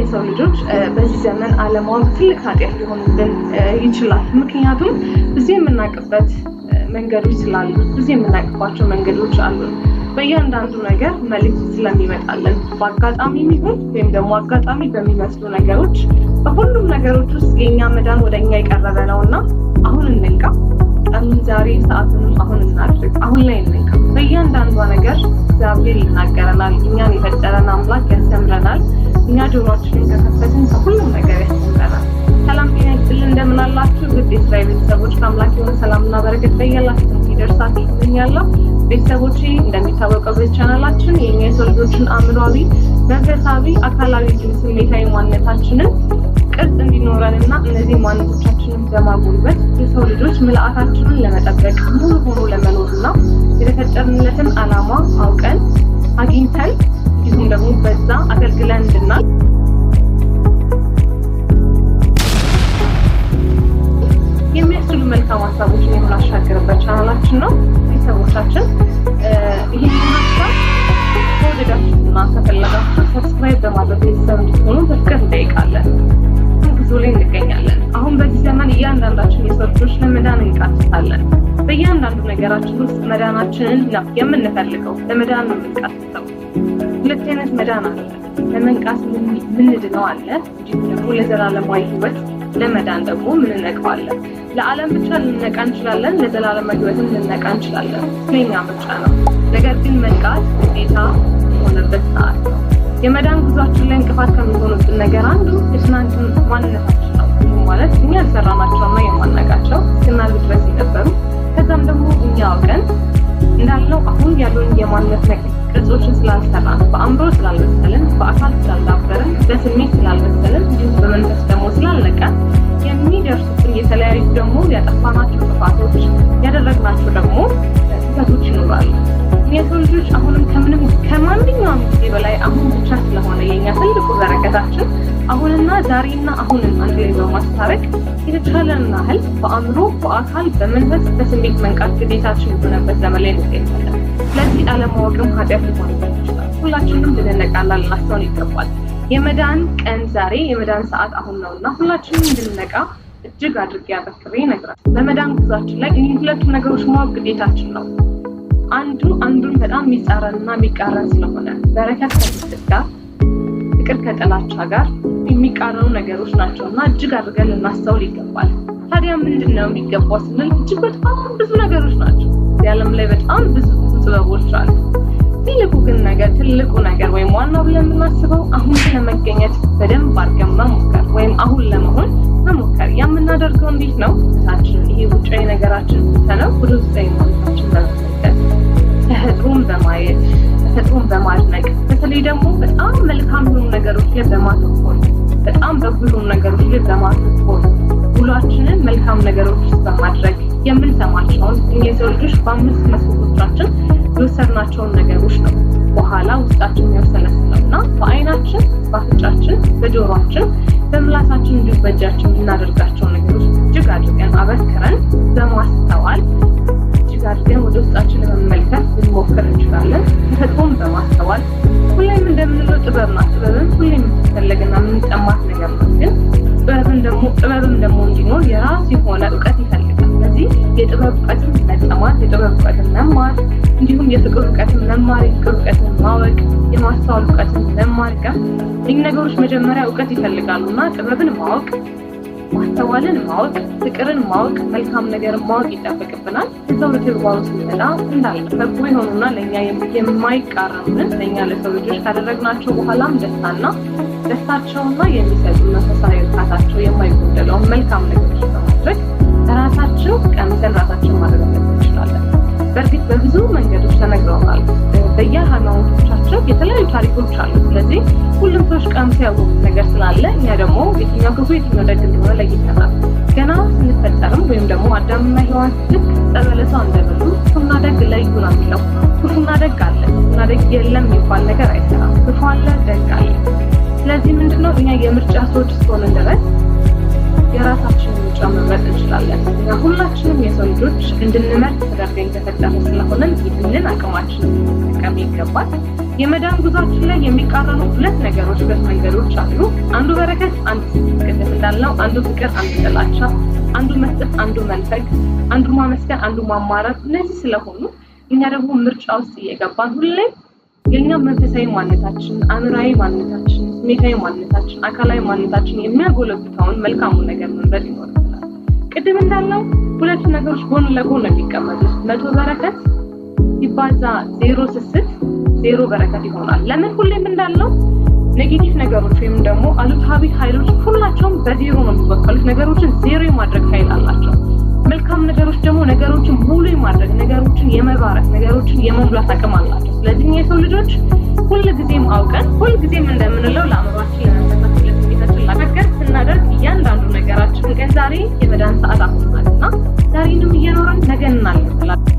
የሰው ልጆች በዚህ ዘመን አለማወቅ ትልቅ ኃጢአት ሊሆንብን ይችላል። ምክንያቱም ብዙ የምናውቅበት መንገዶች ስላሉ ብዙ የምናውቅባቸው መንገዶች አሉ። በእያንዳንዱ ነገር መልዕክት ስለሚመጣለን በአጋጣሚ የሚሆን ወይም ደግሞ አጋጣሚ በሚመስሉ ነገሮች፣ በሁሉም ነገሮች ውስጥ የእኛ መዳን ወደ እኛ የቀረበ ነው እና አሁን እንንቃ። ቀኑን ዛሬ ሰዓቱንም አሁን እናድርግ። አሁን ላይ እንንቃ። በእያንዳንዷ ነገር እግዚአብሔር ይናገረናል። እኛን የፈጠረን አምላክ ያስተምረናል። እኛ ጆሮአችንን ከከፈትን ከሁሉም ነገር ያስጠራል። ሰላም ጤና ይስጥልን። እንደምን አላችሁ ውድ የስራዬ ቤተሰቦች? ከአምላክ የሆነ ሰላምና በረከት በያላችሁ እንዲደርሳችሁ እመኛለሁ። ቤተሰቦች እንደሚታወቀው በቻናላችን ቻናላችን የእኛ የሰው ልጆችን አእምሯዊ፣ መንፈሳዊ፣ አካላዊ እንዲሁም ስሜታዊ ማንነታችንን ቅርጽ እንዲኖረንና እነዚህ ማንነቶቻችንን በማጎልበት የሰው ልጆች ምልአታችንን ለመጠበቅ ሙሉ ሆኖ ለመኖርና የተፈጠርንለትን አላማ አውቀን ሀሳባችን ነው። ቤተሰቦቻችን ይህን ሀሳብ ከወደዳችሁ እና ከፈለጋችሁ ሰብስክራይብ በማድረግ ቤተሰብ እንድትሆኑ በፍቅር እንጠይቃለን። ጉዞ ላይ እንገኛለን። አሁን በዚህ ዘመን እያንዳንዳችን የሰው ልጆች ለመዳን እንቃትታለን። በእያንዳንዱ ነገራችን ውስጥ መዳናችንን ነው የምንፈልገው። ለመዳን ነው የምንቃትተው። ሁለት አይነት መዳን አለ። ለመንቃት ምንድነው አለ እንዲሁም ደግሞ ለዘላለማዊ ህይወት ለመዳን ደግሞ ምን እንነቀዋለን? ለዓለም ብቻ ልንነቃ እንችላለን፣ ለዘላለም ሕይወትም ልንነቃ እንችላለን። ስለኛ ምርጫ ነው። ነገር ግን መንቃት ግዴታ ሆነበት ሰዓት ነው። የመዳን ጉዟችን ላይ እንቅፋት ከሚሆኑብን ነገር አንዱ የትናንቱን ማንነታችን ነው። ማለት እኛ ያልሰራናቸውና የማናቃቸው ስናልብ ድረስ የነበሩ ከዛም ደግሞ እኛ አውቀን እንዳለው አሁን ያሉን የማንነት ነቅ ቅርጾችን ስላልሰራን፣ በአእምሮ ስላልመሰልን፣ በአካል ስላልዳበርን፣ በስሜት ስላልበሰልን እንዲሁም በመንፈስ ደግሞ ስላለቀን የሚደርሱትን የተለያዩ ደግሞ ያጠፋናቸው ጥፋቶች ያደረግናቸው ደግሞ ስህተቶች ይኖራሉ። የሰው ልጆች አሁንም ከምንም ከማንኛውም ጊዜ በላይ አሁን ብቻ ስለሆነ የኛ ትልቁ በረከታችን አሁንና ዛሬና አሁንን አንድ ላይ በማስታረቅ የተቻለንን ያህል በአእምሮ፣ በአካል፣ በመንፈስ፣ በስሜት መንቃት ግዴታችን የሆነበት ዘመን ላይ እንገኛለን። ስለዚህ አለማወቅም ኃጢአት ሊሆንበት ይችላል። ሁላችንም ልንነቃና ልናስተውል ይገባል። የመዳን ቀን ዛሬ፣ የመዳን ሰዓት አሁን ነውና ሁላችንም እንድንነቃ እጅግ አድርጌ አበክሬ ይነግራል። በመዳን ጉዟችን ላይ ሁለቱም ነገሮች ማወቅ ግዴታችን ነው። በጣም የሚጻረንና የሚቃረን ስለሆነ በረከት ከስስት ጋር ፍቅር ከጥላቻ ጋር የሚቃረኑ ነገሮች ናቸው እና እጅግ አድርገን ልናስተውል ይገባል። ታዲያ ምንድን ነው የሚገባው ስንል እጅግ በጣም ብዙ ነገሮች ናቸው። እዚህ ዓለም ላይ በጣም ብዙ ብዙ ጥበቦች አሉ። ትልቁ ግን ነገር ትልቁ ነገር ወይም ዋናው ብለን የምናስበው አሁን ለመገኘት በደንብ አድርገን መሞከር ወይም አሁን ለመሆን መሞከር። ያ የምናደርገው እንዴት ነው? ታችን ይሄ ውጫዊ ነገራችን ተነው ወደ ውስጣዊ ማለታችን ተፈጥሮን በማየት ተፈጥሮን በማድነቅ በተለይ ደግሞ በጣም መልካም የሆኑ ነገሮች ላይ በማተኮር በጣም በብዙ ነገሮች ላይ በማተኮር ሁሏችንን መልካም ነገሮች በማድረግ የምንሰማቸውን የሰው ልጆች በአምስት መስኮቶቻችን የወሰድናቸውን ነገሮች ነው በኋላ ውስጣችን የሚያሰለስለው እና በአይናችን፣ በአፍንጫችን፣ በጆሯችን፣ በምላሳችን እንዲሁ በእጃችን የምናደርጋቸው ነገሮች እጅግ አድርገን አበክረን በማስተዋል አድርገን ወደ ውስጣችን ለመመልከት ልንሞክር እንችላለን። ተፈጥሮን በማስተዋል ሁሌም እንደምንለው ጥበብ ናት። ጥበብም ሁሌም የምትፈለግና የምንጠማት ነገር ነው። ግን ጥበብም ደግሞ ጥበብም ደግሞ እንዲኖር የራስ የሆነ እውቀት ይፈልጋል። ስለዚህ የጥበብ እውቀትን መጠማት፣ የጥበብ እውቀትን መማር፣ እንዲሁም የፍቅር እውቀትን መማር፣ የፍቅር እውቀትን ማወቅ፣ የማስተዋል እውቀትን መማር ጋር ነገሮች መጀመሪያ እውቀት ይፈልጋሉ እና ጥበብን ማወቅ ማስተዋልን ማወቅ፣ ፍቅርን ማወቅ፣ መልካም ነገርን ማወቅ ይጠበቅብናል። ሰው ልጅ ግባሩ ስንመጣ እንዳለ በጎ የሆኑና ለእኛ የማይቃረኑንን ለእኛ ለሰው ልጆች ካደረግናቸው በኋላም ደስታና ደስታቸውና የሚሰጡ መንፈሳዊ እርካታቸው የማይጎደለውን መልካም ነገሮች በማድረግ ራሳቸው ቀምሰን ራሳቸው ማድረግ እንችላለን። በእርግጥ በብዙ መንገዶች ተነግረውናል። የተለያዩ ታሪኮች አሉ። ስለዚህ ሁሉም ሰዎች ቀምቶ ያወቁት ነገር ስላለ እኛ ደግሞ የትኛው ክፉ የትኛው ደግ እንደሆነ ለይተናል። ገና ስንፈጠርም ወይም ደግሞ አዳምና ሔዋን ልክ ጠበለሰው እንደበሉ ክፉና ደግ ለዩ ነው የሚለው። ክፉና ደግ አለ፣ ክፉና ደግ የለም የሚባል ነገር አይሰራም። ክፉ አለ፣ ደግ አለ። ስለዚህ ምንድነው እኛ የምርጫ ሰዎች እስከሆነ ድረስ የራሳችንን ምርጫ መምረጥ እንችላለን እና ሁላችንም የሰው ልጆች እንድንመርጥ ተደርገን የተፈጠረ ስለሆነ ይህንን አቅማችንን ልንጠቀም ይገባል። የመዳን ጉዟችን ላይ የሚቃረኑ ሁለት ነገሮች ሁለት መንገዶች አሉ። አንዱ በረከት፣ አንዱ ቅድም እንዳልነው፣ አንዱ ፍቅር፣ አንዱ ጥላቻ፣ አንዱ መስጠት፣ አንዱ መንፈግ፣ አንዱ ማመስገን፣ አንዱ ማማረር፣ እነዚህ ስለሆኑ እኛ ደግሞ ምርጫ ውስጥ እየገባን ሁሌ የኛም መንፈሳዊ ማንነታችን፣ አእምራዊ ማንነታችን፣ ስሜታዊ ማንነታችን፣ አካላዊ ማንነታችን የሚያጎለብተውን መልካሙን ነገር መንበድ ይኖርብናል። ቅድም እንዳልነው ሁለቱ ነገሮች ጎን ለጎን ነው የሚቀመጡት። መቶ በረከት ሲባዛ ዜሮ ስስት ዜሮ በረከት ይሆናል። ለምን ሁሌም እንዳለው ኔጌቲቭ ነገሮች ወይም ደግሞ አሉታዊ ኃይሎች ሁላቸውም በዜሮ ነው የሚበቀሉት። ነገሮችን ዜሮ የማድረግ ኃይል አላቸው። መልካም ነገሮች ደግሞ ነገሮችን ሙሉ የማድረግ ነገሮችን የመባረክ ነገሮችን የመሙላት አቅም አላቸው። ስለዚህ የሰው ልጆች ሁል ጊዜም አውቀን ጊዜም እንደምንለው ለአእምሯችን ለመንፈሳችን ለስሜታችን ስናደርግ እያንዳንዱ ነገራችን ግን ዛሬ የመዳን ሰዓት አሁን ናትና ዛሬንም እየኖረን ነገ እናለላል